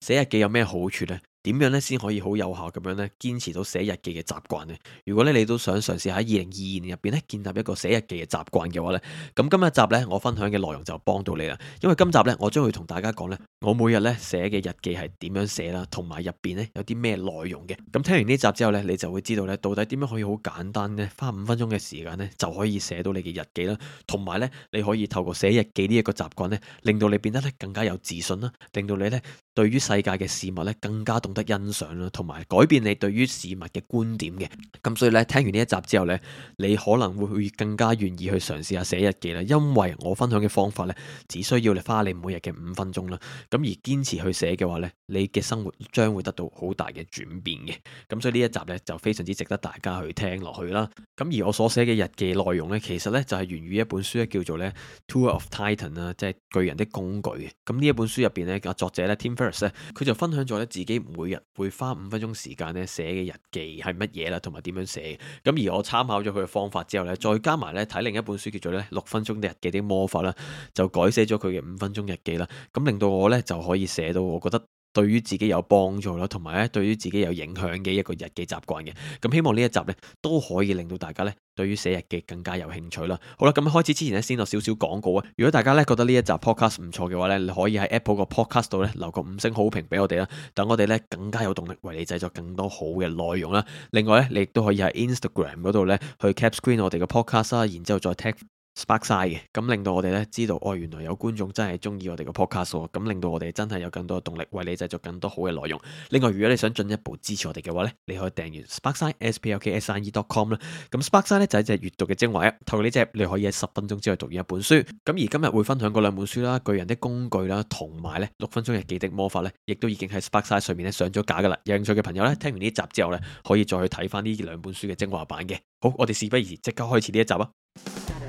寫日記有咩好處咧？點樣咧先可以好有效咁樣咧堅持到寫日記嘅習慣呢？如果咧你都想嘗試喺二零二二年入邊咧建立一個寫日記嘅習慣嘅話咧，咁今日一集咧我分享嘅內容就幫到你啦。因為今集咧我將會同大家講咧，我每日咧寫嘅日記係點樣寫啦，同埋入邊咧有啲咩內容嘅。咁聽完呢集之後咧，你就會知道咧到底點樣可以好簡單嘅花五分鐘嘅時間咧就可以寫到你嘅日記啦，同埋咧你可以透過寫日記呢一個習慣咧令到你變得咧更加有自信啦，令到你咧對於世界嘅事物咧更加動得欣賞啦，同埋改變你對於事物嘅觀點嘅。咁所以咧，聽完呢一集之後呢，你可能會更加願意去嘗試下寫日記啦。因為我分享嘅方法呢，只需要你花你每日嘅五分鐘啦。咁而堅持去寫嘅話呢，你嘅生活將會得到好大嘅轉變嘅。咁所以呢一集呢，就非常之值得大家去聽落去啦。咁而我所寫嘅日記內容呢，其實呢，就係源於一本書咧，叫做咧《Tour of Titan》啊，即係巨人的工具。咁呢一本書入邊呢，啊作者呢 Tim Ferriss，佢就分享咗咧自己唔會。每日會花五分鐘時間咧寫嘅日記係乜嘢啦，同埋點樣寫？咁而我參考咗佢嘅方法之後咧，再加埋咧睇另一本書叫做咧《六分鐘的日記》啲魔法啦，就改寫咗佢嘅五分鐘日記啦。咁令到我咧就可以寫到，我覺得。對於自己有幫助咯，同埋咧，對於自己有影響嘅一個日記習慣嘅咁，希望呢一集咧都可以令到大家咧對於寫日記更加有興趣啦。好啦，咁開始之前咧，先有少少廣告啊。如果大家咧覺得呢一集 podcast 唔錯嘅話咧，你可以喺 Apple 個 podcast 度咧留個五星好評俾我哋啦，等我哋咧更加有動力為你製作更多好嘅內容啦。另外咧，你亦都可以喺 Instagram 嗰度咧去 cap screen 我哋嘅 podcast 啦，然之後再 tag Sparkside 嘅，咁令到我哋咧知道，哦，原來有觀眾真係中意我哋嘅 podcast 喎，咁令到我哋真係有更多嘅動力為你製作更多好嘅內容。另外，如果你想進一步支持我哋嘅話咧，你可以訂閱 Sparkside s p SP l k s i e dot com 啦。咁 Sparkside 咧就係一隻閱讀嘅精華一，透過呢隻你可以喺十分鐘之內讀完一本書。咁而今日會分享嗰兩本書啦，《巨人的工具》啦，同埋咧六分鐘嘅幾滴魔法咧，亦都已經喺 Sparkside 上面咧上咗架噶啦。有興趣嘅朋友咧，聽完呢集之後咧，可以再去睇翻呢兩本書嘅精華版嘅。好，我哋事不宜遲，即刻開始呢一集啊！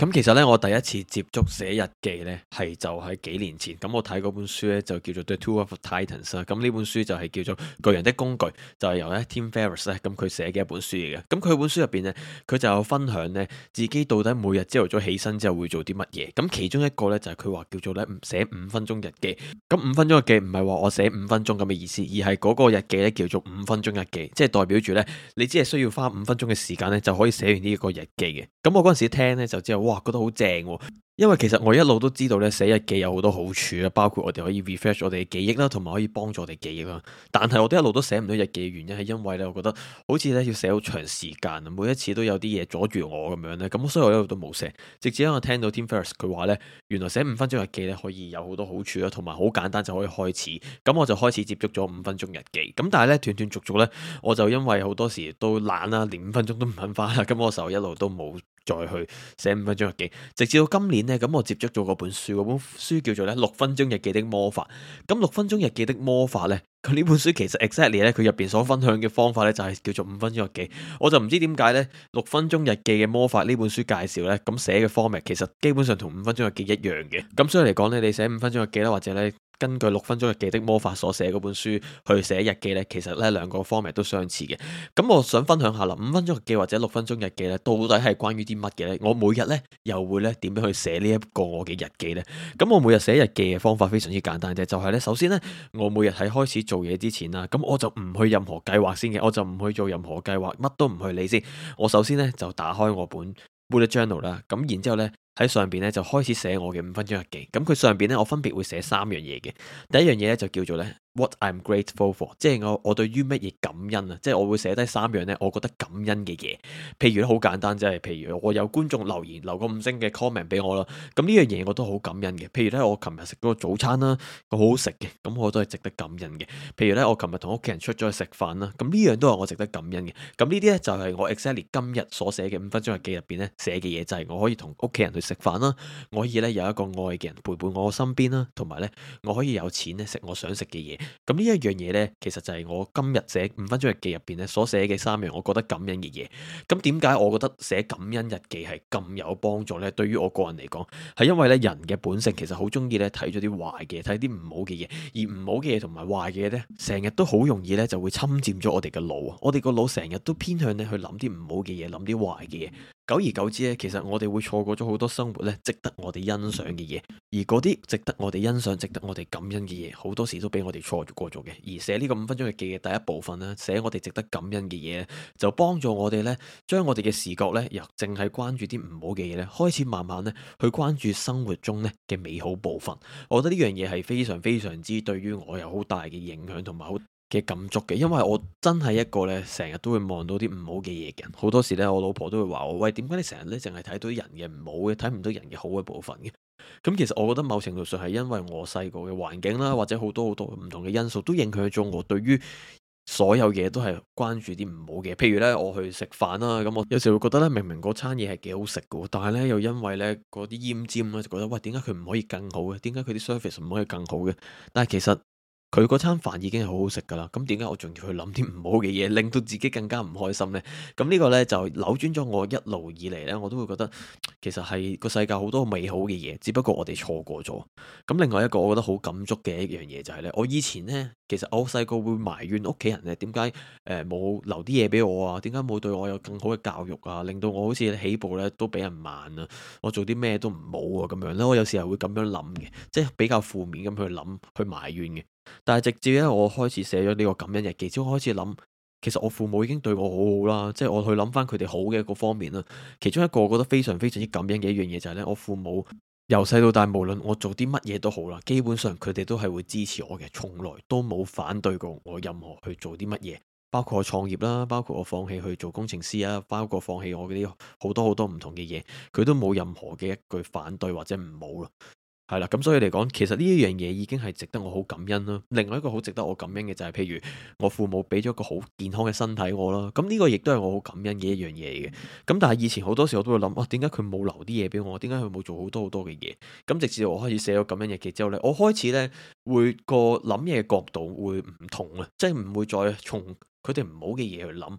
咁其實咧，我第一次接觸寫日記呢，係就喺幾年前。咁我睇嗰本書呢，就叫做《The Tools of Titans》啦。咁呢本書就係叫做《巨人的工具》，就係由咧 Tim Ferriss 咧，咁佢寫嘅一本書嚟嘅。咁佢本書入邊呢，佢就有分享呢，自己到底每日朝頭早起身之後會做啲乜嘢。咁其中一個呢，就係佢話叫做咧寫五分鐘日記。咁五分鐘日記唔係話我寫五分鐘咁嘅意思，而係嗰個日記呢，叫做五分鐘日記，即係代表住呢，你只係需要花五分鐘嘅時間呢，就可以寫完呢個日記嘅。咁我嗰陣時聽咧就知道。後。哇，覺得好正。因為其實我一路都知道咧，寫日記有好多好處啊，包括我哋可以 refresh 我哋嘅記憶啦，同埋可以幫助我哋記憶啦。但係我都一路都寫唔到日記嘅原因係因為咧，我覺得好似咧要寫好長時間，每一次都有啲嘢阻住我咁樣咧，咁所以我一路都冇寫。直至我聽到 Tim Ferriss 佢話咧，原來寫五分鐘日記咧可以有好多好處啦，同埋好簡單就可以開始。咁我就開始接觸咗五分鐘日記。咁但係咧斷斷續續咧，我就因為好多時都懶啦，連五分鐘都唔肯翻啦。咁我嘅時候一路都冇再去寫五分鐘日記，直至到今年。咁我接觸咗嗰本書，嗰本書叫做咧《六分鐘日記的魔法》。咁《六分鐘日記的魔法》呢，佢呢本書其實 exactly 咧，佢入邊所分享嘅方法呢，就係叫做五分鐘日記。我就唔知點解呢，《六分鐘日記嘅魔法》呢本書介紹呢，咁寫嘅方法其實基本上同五分鐘日記一樣嘅。咁所以嚟講呢，你寫五分鐘日記啦，或者呢。根據六分鐘日記的魔法所寫嗰本書去寫日記呢，其實呢兩個方面都相似嘅。咁我想分享下啦，五分鐘日記或者六分鐘日記呢，到底係關於啲乜嘢呢？我每日呢，又會呢點樣去寫呢一個我嘅日記呢？咁我每日寫日記嘅方法非常之簡單啫，就係呢：首先呢，我每日喺開始做嘢之前啦，咁我就唔去任何計劃先嘅，我就唔去做任何計劃，乜都唔去理先。我首先呢，就打開我本 bullet journal 啦，咁然之後呢。喺上邊咧就開始寫我嘅五分鐘日記，咁佢上邊咧我分別會寫三樣嘢嘅，第一樣嘢咧就叫做咧。What I'm grateful for，即係我我對於乜嘢感恩啊？即係我會寫低三樣咧，我覺得感恩嘅嘢。譬如咧，好簡單，即係譬如我有觀眾留言留個五星嘅 comment 俾我啦。咁呢樣嘢我都好感恩嘅。譬如咧，我琴日食嗰個早餐啦，佢好好食嘅，咁我都係值得感恩嘅。譬如咧，我琴日同屋企人出咗去食飯啦，咁呢樣都係我值得感恩嘅。咁呢啲咧就係我 exactly 今日所寫嘅五分鐘日記入邊咧寫嘅嘢，就係、是、我可以同屋企人去食飯啦，我可以咧有一個愛嘅人陪伴我身邊啦，同埋咧我可以有錢咧食我想食嘅嘢。咁呢一樣嘢呢，其實就係我今日寫五分鐘日記入邊呢所寫嘅三樣我覺得感恩嘅嘢。咁點解我覺得寫感恩日記係咁有幫助呢？對於我個人嚟講，係因為呢人嘅本性其實好中意呢睇咗啲壞嘅，睇啲唔好嘅嘢，而唔好嘅嘢同埋壞嘅嘢呢，成日都好容易呢就會侵佔咗我哋嘅腦啊！我哋個腦成日都偏向呢去諗啲唔好嘅嘢，諗啲壞嘅嘢。久而久之咧，其實我哋會錯過咗好多生活咧，值得我哋欣賞嘅嘢。而嗰啲值得我哋欣賞、值得我哋感恩嘅嘢，好多時都俾我哋錯過咗嘅。而寫呢個五分鐘日記嘅第一部分啦，寫我哋值得感恩嘅嘢，就幫助我哋咧，將我哋嘅視覺咧，由淨係關注啲唔好嘅嘢咧，開始慢慢咧去關注生活中咧嘅美好部分。我覺得呢樣嘢係非常非常之對於我有好大嘅影響同埋好。嘅感觸嘅，因為我真係一個咧，成日都會望到啲唔好嘅嘢嘅人。好多時咧，我老婆都會話我，喂，點解你成日咧淨係睇到人嘅唔好嘅，睇唔到人嘅好嘅部分嘅？咁、 嗯、其實我覺得某程度上係因為我細個嘅環境啦，或者好多好多唔同嘅因素都影響咗我對於所有嘢都係關注啲唔好嘅。譬如咧，我去食飯啦，咁我有時會覺得咧，明明嗰餐嘢係幾好食嘅，但係咧又因為咧嗰啲腌尖咧，就覺得喂，點解佢唔可以更好嘅？點解佢啲 service 唔可以更好嘅？但係其實。佢嗰餐飯已經係好好食噶啦，咁點解我仲要去諗啲唔好嘅嘢，令到自己更加唔開心呢？咁呢個呢，就扭轉咗我一路以嚟呢，我都會覺得其實係個世界好多美好嘅嘢，只不過我哋錯過咗。咁另外一個我覺得好感觸嘅一樣嘢就係呢：我以前呢，其實我好細個會埋怨屋企人呢，點解誒冇留啲嘢俾我啊？點解冇對我有更好嘅教育啊？令到我好似起步呢都俾人慢啊，我做啲咩都唔好啊，咁樣呢。我有時係會咁樣諗嘅，即係比較負面咁去諗去埋怨嘅。但係直至咧，我開始寫咗呢個感恩日記，即係開始諗，其實我父母已經對我好好啦，即係我去諗翻佢哋好嘅嗰方面啦。其中一個我覺得非常非常之感恩嘅一樣嘢就係咧，我父母由細到大，無論我做啲乜嘢都好啦，基本上佢哋都係會支持我嘅，從來都冇反對過我任何去做啲乜嘢，包括我創業啦，包括我放棄去做工程師啊，包括放棄我嗰啲好多好多唔同嘅嘢，佢都冇任何嘅一句反對或者唔好啦。係啦，咁所以嚟講，其實呢一樣嘢已經係值得我好感恩咯。另外一個好值得我感恩嘅就係，譬如我父母俾咗個好健康嘅身體我啦，咁呢個亦都係我好感恩嘅一樣嘢嚟嘅。咁但係以前好多時我都會諗，啊，點解佢冇留啲嘢俾我？點解佢冇做好多好多嘅嘢？咁直至我開始寫咗感恩日記之後咧，我開始咧會個諗嘢角度會唔同啊，即係唔會再從佢哋唔好嘅嘢去諗。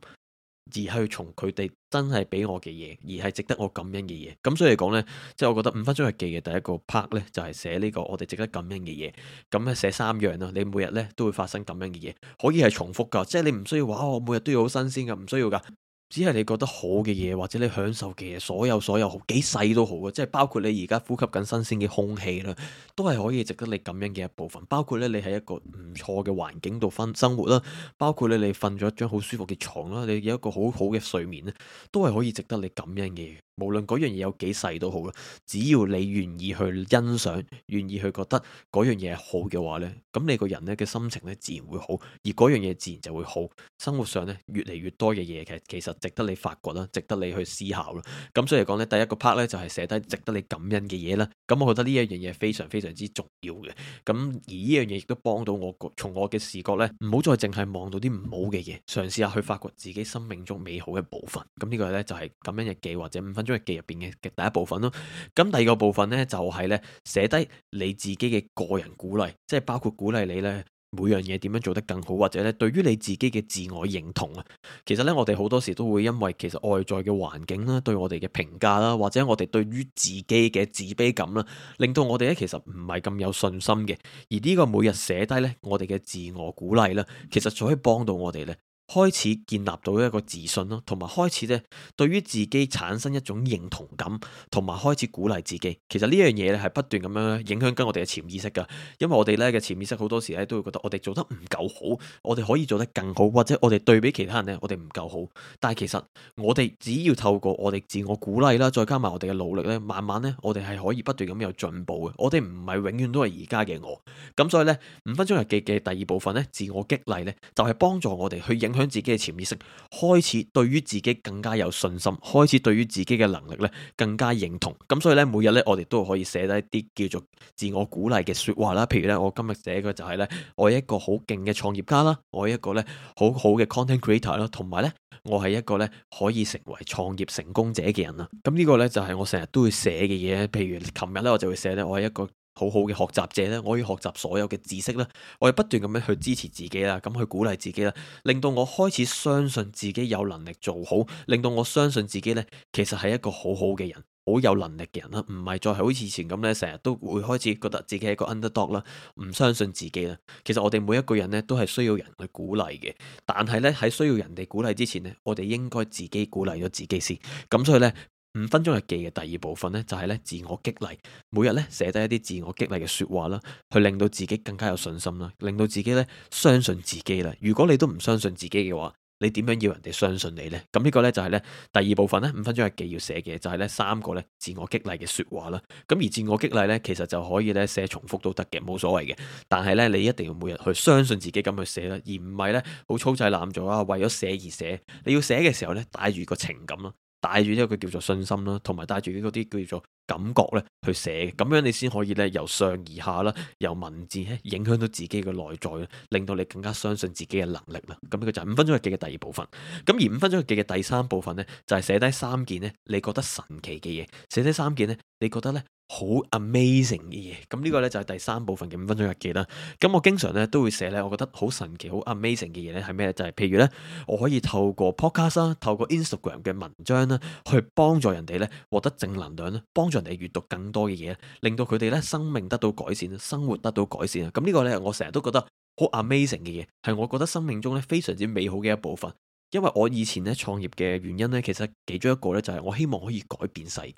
而係從佢哋真係俾我嘅嘢，而係值得我感恩嘅嘢。咁所以嚟講咧，即係我覺得五分鐘日記嘅第一個 part 咧，就係寫呢個我哋值得感恩嘅嘢。咁咧寫三樣咯，你每日呢都會發生感恩嘅嘢，可以係重複噶，即係你唔需要話，我每日都要好新鮮噶，唔需要噶。只係你覺得好嘅嘢，或者你享受嘅嘢，所有所有幾細都好嘅，即係包括你而家呼吸緊新鮮嘅空氣啦，都係可以值得你感恩嘅一部分。包括咧，你喺一個唔錯嘅環境度分生活啦，包括咧，你瞓咗一張好舒服嘅床啦，你有一個好好嘅睡眠咧，都係可以值得你感恩嘅嘢。無論嗰樣嘢有幾細都好啦，只要你願意去欣賞，願意去覺得嗰樣嘢好嘅話呢，咁你個人呢，嘅心情呢，自然會好，而嗰樣嘢自然就會好。生活上呢，越嚟越多嘅嘢，其實值得你發掘啦，值得你去思考啦。咁所以嚟講呢，第一個 part 呢，就係寫低值得你感恩嘅嘢啦。咁我覺得呢一樣嘢非常非常之重要嘅。咁而呢樣嘢亦都幫到我，從我嘅視角呢，唔好再淨係望到啲唔好嘅嘢，嘗試下去發掘自己生命中美好嘅部分。咁呢個呢，就係感恩日記或者五分日記入邊嘅第一部分咯，咁第二個部分呢，就係呢寫低你自己嘅個人鼓勵，即係包括鼓勵你呢每樣嘢點樣做得更好，或者呢對於你自己嘅自我認同啊，其實呢，我哋好多時都會因為其實外在嘅環境啦，對我哋嘅評價啦，或者我哋對於自己嘅自卑感啦，令到我哋呢其實唔係咁有信心嘅，而呢個每日寫低呢，我哋嘅自我鼓勵啦，其實就可以幫到我哋呢。開始建立到一個自信咯，同埋開始咧，對於自己產生一種認同感，同埋開始鼓勵自己。其實呢樣嘢咧，係不斷咁樣影響緊我哋嘅潛意識噶，因為我哋咧，嘅潛意識好多時咧，都會覺得我哋做得唔夠好，我哋可以做得更好，或者我哋對比其他人咧，我哋唔夠好。但係其實我哋只要透過我哋自我鼓勵啦，再加埋我哋嘅努力咧，慢慢咧，我哋係可以不斷咁有進步嘅。我哋唔係永遠都係而家嘅我，咁所以咧，五分鐘日記嘅第二部分咧自我激勵咧就係幫助我哋去影響。向自己嘅潛意識開始對於自己更加有信心，開始對於自己嘅能力咧更加認同。咁所以咧，每日咧我哋都可以寫低一啲叫做自我鼓勵嘅說話啦。譬如咧，我今日寫嘅就係咧，我係一個好勁嘅創業家啦，我係一個咧好好嘅 content creator 咯，同埋咧我係一個咧可以成為創業成功者嘅人啦。咁呢個咧就係我成日都會寫嘅嘢。譬如琴日咧，我就會寫咧，我係一個。好好嘅學習者咧，我要學習所有嘅知識啦，我要不斷咁樣去支持自己啦，咁去鼓勵自己啦，令到我開始相信自己有能力做好，令到我相信自己呢其實係一個好好嘅人，好有能力嘅人啦，唔係再係好似以前咁呢，成日都會開始覺得自己係一個 underdog 啦，唔相信自己啦。其實我哋每一個人呢都係需要人去鼓勵嘅，但係呢，喺需要人哋鼓勵之前呢，我哋應該自己鼓勵咗自己先，咁所以呢。五分鐘日記嘅第二部分呢，就係呢自我激勵，每日呢寫低一啲自我激勵嘅說話啦，去令到自己更加有信心啦，令到自己呢相信自己啦。如果你都唔相信自己嘅話，你點樣要人哋相信你呢？咁呢個呢，就係呢第二部分呢，五分鐘日記要寫嘅就係呢三個呢自我激勵嘅說話啦。咁而自我激勵呢，其實就可以呢寫重複都得嘅，冇所謂嘅。但係呢，你一定要每日去相信自己咁去寫啦，而唔係呢好粗製濫造啊，為咗寫而寫。你要寫嘅時候呢，帶住個情感啦。帶住一個叫做信心啦，同埋帶住佢啲叫做感覺咧去寫，咁樣你先可以咧由上而下啦，由文字咧影響到自己嘅內在，令到你更加相信自己嘅能力啦。咁呢個就係五分鐘日記嘅第二部分。咁而五分鐘日記嘅第三部分呢，就係寫低三件咧你覺得神奇嘅嘢，寫低三件咧你覺得咧好 amazing 嘅嘢。咁呢個呢，就係第三部分嘅五分鐘日記啦。咁我經常咧都會寫咧，我覺得好神奇、好 amazing 嘅嘢咧係咩？就係譬如咧，我可以透過 podcast 啦，透過 Instagram 嘅文章啦，去幫助人哋咧獲得正能量啦，幫助。人哋閱讀更多嘅嘢，令到佢哋咧生命得到改善，生活得到改善啊！咁、這、呢個咧，我成日都覺得好 amazing 嘅嘢，係我覺得生命中咧非常之美好嘅一部分。因為我以前咧創業嘅原因咧，其實其中一個咧就係我希望可以改變世界。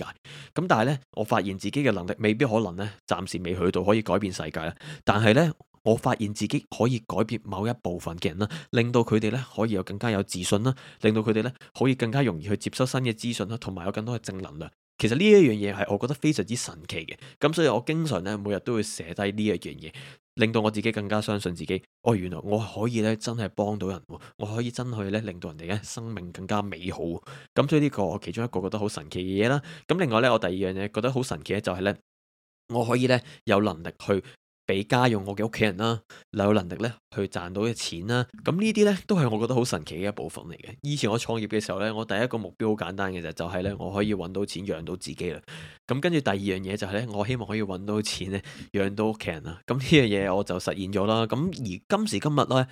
咁但係咧，我發現自己嘅能力未必可能咧，暫時未去到可以改變世界啦。但係咧，我發現自己可以改變某一部分嘅人啦，令到佢哋咧可以有更加有自信啦，令到佢哋咧可以更加容易去接收新嘅資訊啦，同埋有更多嘅正能量。其實呢一樣嘢係我覺得非常之神奇嘅，咁所以我經常咧每日都會寫低呢一樣嘢，令到我自己更加相信自己。哦，原來我可以咧真係幫到人，我可以真去咧令到人哋嘅生命更加美好。咁所以呢個我其中一個覺得好神奇嘅嘢啦。咁另外咧，我第二樣嘢覺得好神奇咧就係咧，我可以咧有能力去。俾家用我嘅屋企人啦，有能力咧去賺到嘅錢啦，咁呢啲咧都係我覺得好神奇嘅一部分嚟嘅。以前我創業嘅時候咧，我第一個目標好簡單嘅就就係咧我可以揾到錢養到自己啦。咁跟住第二樣嘢就係咧，我希望可以揾到錢咧養到屋企人啦。咁呢樣嘢我就實現咗啦。咁而今時今日咧，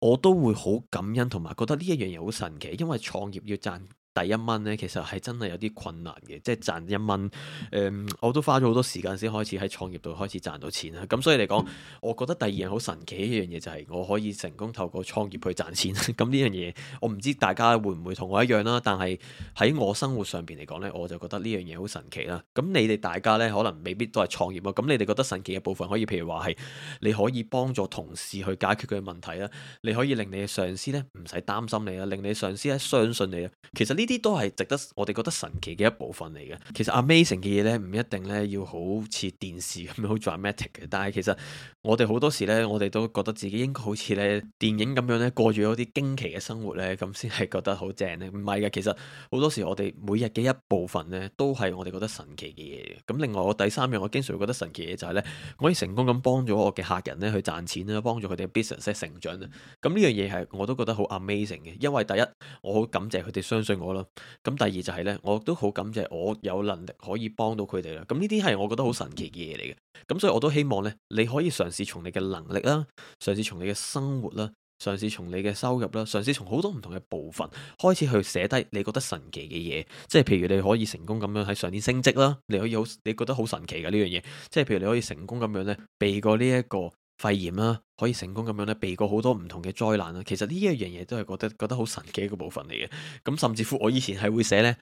我都會好感恩同埋覺得呢一樣嘢好神奇，因為創業要賺。第一蚊咧，其實係真係有啲困難嘅，即係賺一蚊。誒、嗯，我都花咗好多時間先開始喺創業度開始賺到錢啦。咁所以嚟講，我覺得第二樣好神奇嘅一樣嘢就係我可以成功透過創業去賺錢。咁呢樣嘢，我唔知大家會唔會同我一樣啦。但係喺我生活上邊嚟講咧，我就覺得呢樣嘢好神奇啦。咁你哋大家咧，可能未必都係創業啊。咁你哋覺得神奇嘅部分，可以譬如話係你可以幫助同事去解決佢嘅問題啦，你可以令你嘅上司咧唔使擔心你啦，令你上司咧相信你啦。其實呢？呢啲都係值得我哋覺得神奇嘅一部分嚟嘅。其實 amazing 嘅嘢咧，唔一定咧，要好似電視咁樣好 dramatic 嘅。但係其實我哋好多時咧，我哋都覺得自己應該好似咧電影咁樣咧過住一啲驚奇嘅生活咧，咁先係覺得好正咧。唔係嘅，其實好多時我哋每日嘅一部分咧，都係我哋覺得神奇嘅嘢。咁另外我第三樣我經常會覺得神奇嘅嘢就係咧，可以成功咁幫咗我嘅客人咧去賺錢啦，幫助佢哋 business 成長啦。咁呢樣嘢係我都覺得好 amazing 嘅，因為第一我好感謝佢哋相信我。咁第二就係呢，我都好感謝我有能力可以幫到佢哋啦。咁呢啲係我覺得好神奇嘅嘢嚟嘅，咁所以我都希望呢，你可以嘗試從你嘅能力啦，嘗試從你嘅生活啦，嘗試從你嘅收入啦，嘗試從好多唔同嘅部分開始去寫低你覺得神奇嘅嘢。即係譬如你可以成功咁樣喺上年升職啦，你可以好，你覺得好神奇嘅呢樣嘢。即係譬如你可以成功咁樣呢，避過呢一個。肺炎啦，可以成功咁樣咧避過好多唔同嘅災難啦。其實呢一樣嘢都係覺得覺得好神奇一個部分嚟嘅。咁甚至乎我以前係會寫呢，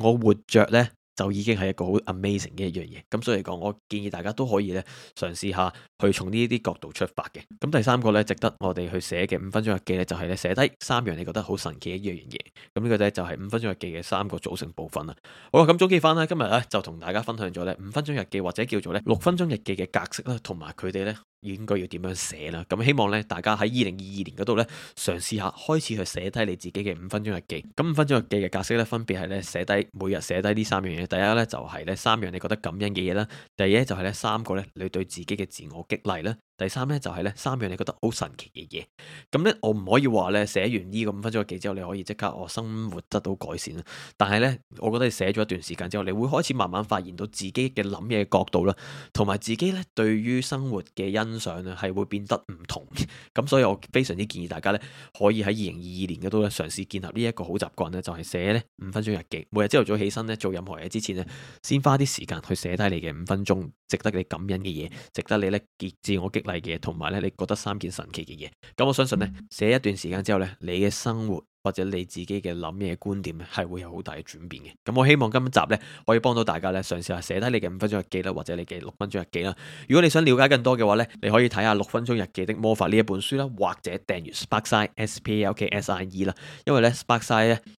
我活着呢，就已經係一個好 amazing 嘅一樣嘢。咁所以嚟講，我建議大家都可以呢，嘗試下去從呢啲角度出發嘅。咁第三個呢，值得我哋去寫嘅五分鐘日記呢就係呢寫低三樣你覺得好神奇嘅一樣嘢。咁呢個呢，就係五分鐘日記嘅三個組成部分啦。好啦，咁總結翻呢，今日呢，就同大家分享咗呢五分鐘日記或者叫做呢六分鐘日記嘅格式啦，同埋佢哋呢。應該要點樣寫啦？咁希望咧，大家喺二零二二年嗰度咧嘗試下開始去寫低你自己嘅五分鐘日記。咁五分鐘日記嘅格式咧，分別係咧寫低每日寫低呢三樣嘢。第一咧就係咧三樣你覺得感恩嘅嘢啦。第二咧就係咧三個咧你對自己嘅自我激勵啦。第三咧就係咧三樣你覺得好神奇嘅嘢，咁咧我唔可以話咧寫完呢個五分鐘日記之後你可以即刻哦生活得到改善啦，但係咧我覺得你寫咗一段時間之後，你會開始慢慢發現到自己嘅諗嘢角度啦，同埋自己咧對於生活嘅欣賞啊係會變得唔同嘅，咁所以我非常之建議大家咧可以喺二零二二年嗰度咧嘗試建立呢一個好習慣咧，就係寫咧五分鐘日記，每日朝頭早起身咧做任何嘢之前咧先花啲時間去寫低你嘅五分鐘值得你感恩嘅嘢，值得你咧激自我激。嘅同埋咧，你覺得三件神奇嘅嘢，咁我相信呢，寫一段時間之後呢，你嘅生活或者你自己嘅諗嘢觀點咧，係會有好大嘅轉變嘅。咁我希望今集呢，可以幫到大家咧，嘗試下寫低你嘅五分鐘日記啦，或者你嘅六分鐘日記啦。如果你想了解更多嘅話呢，你可以睇下《六分鐘日記的魔法》呢一本書啦，或者訂閱 Sparkside S P A K S I E 啦，因為呢 Sparkside 咧。Spark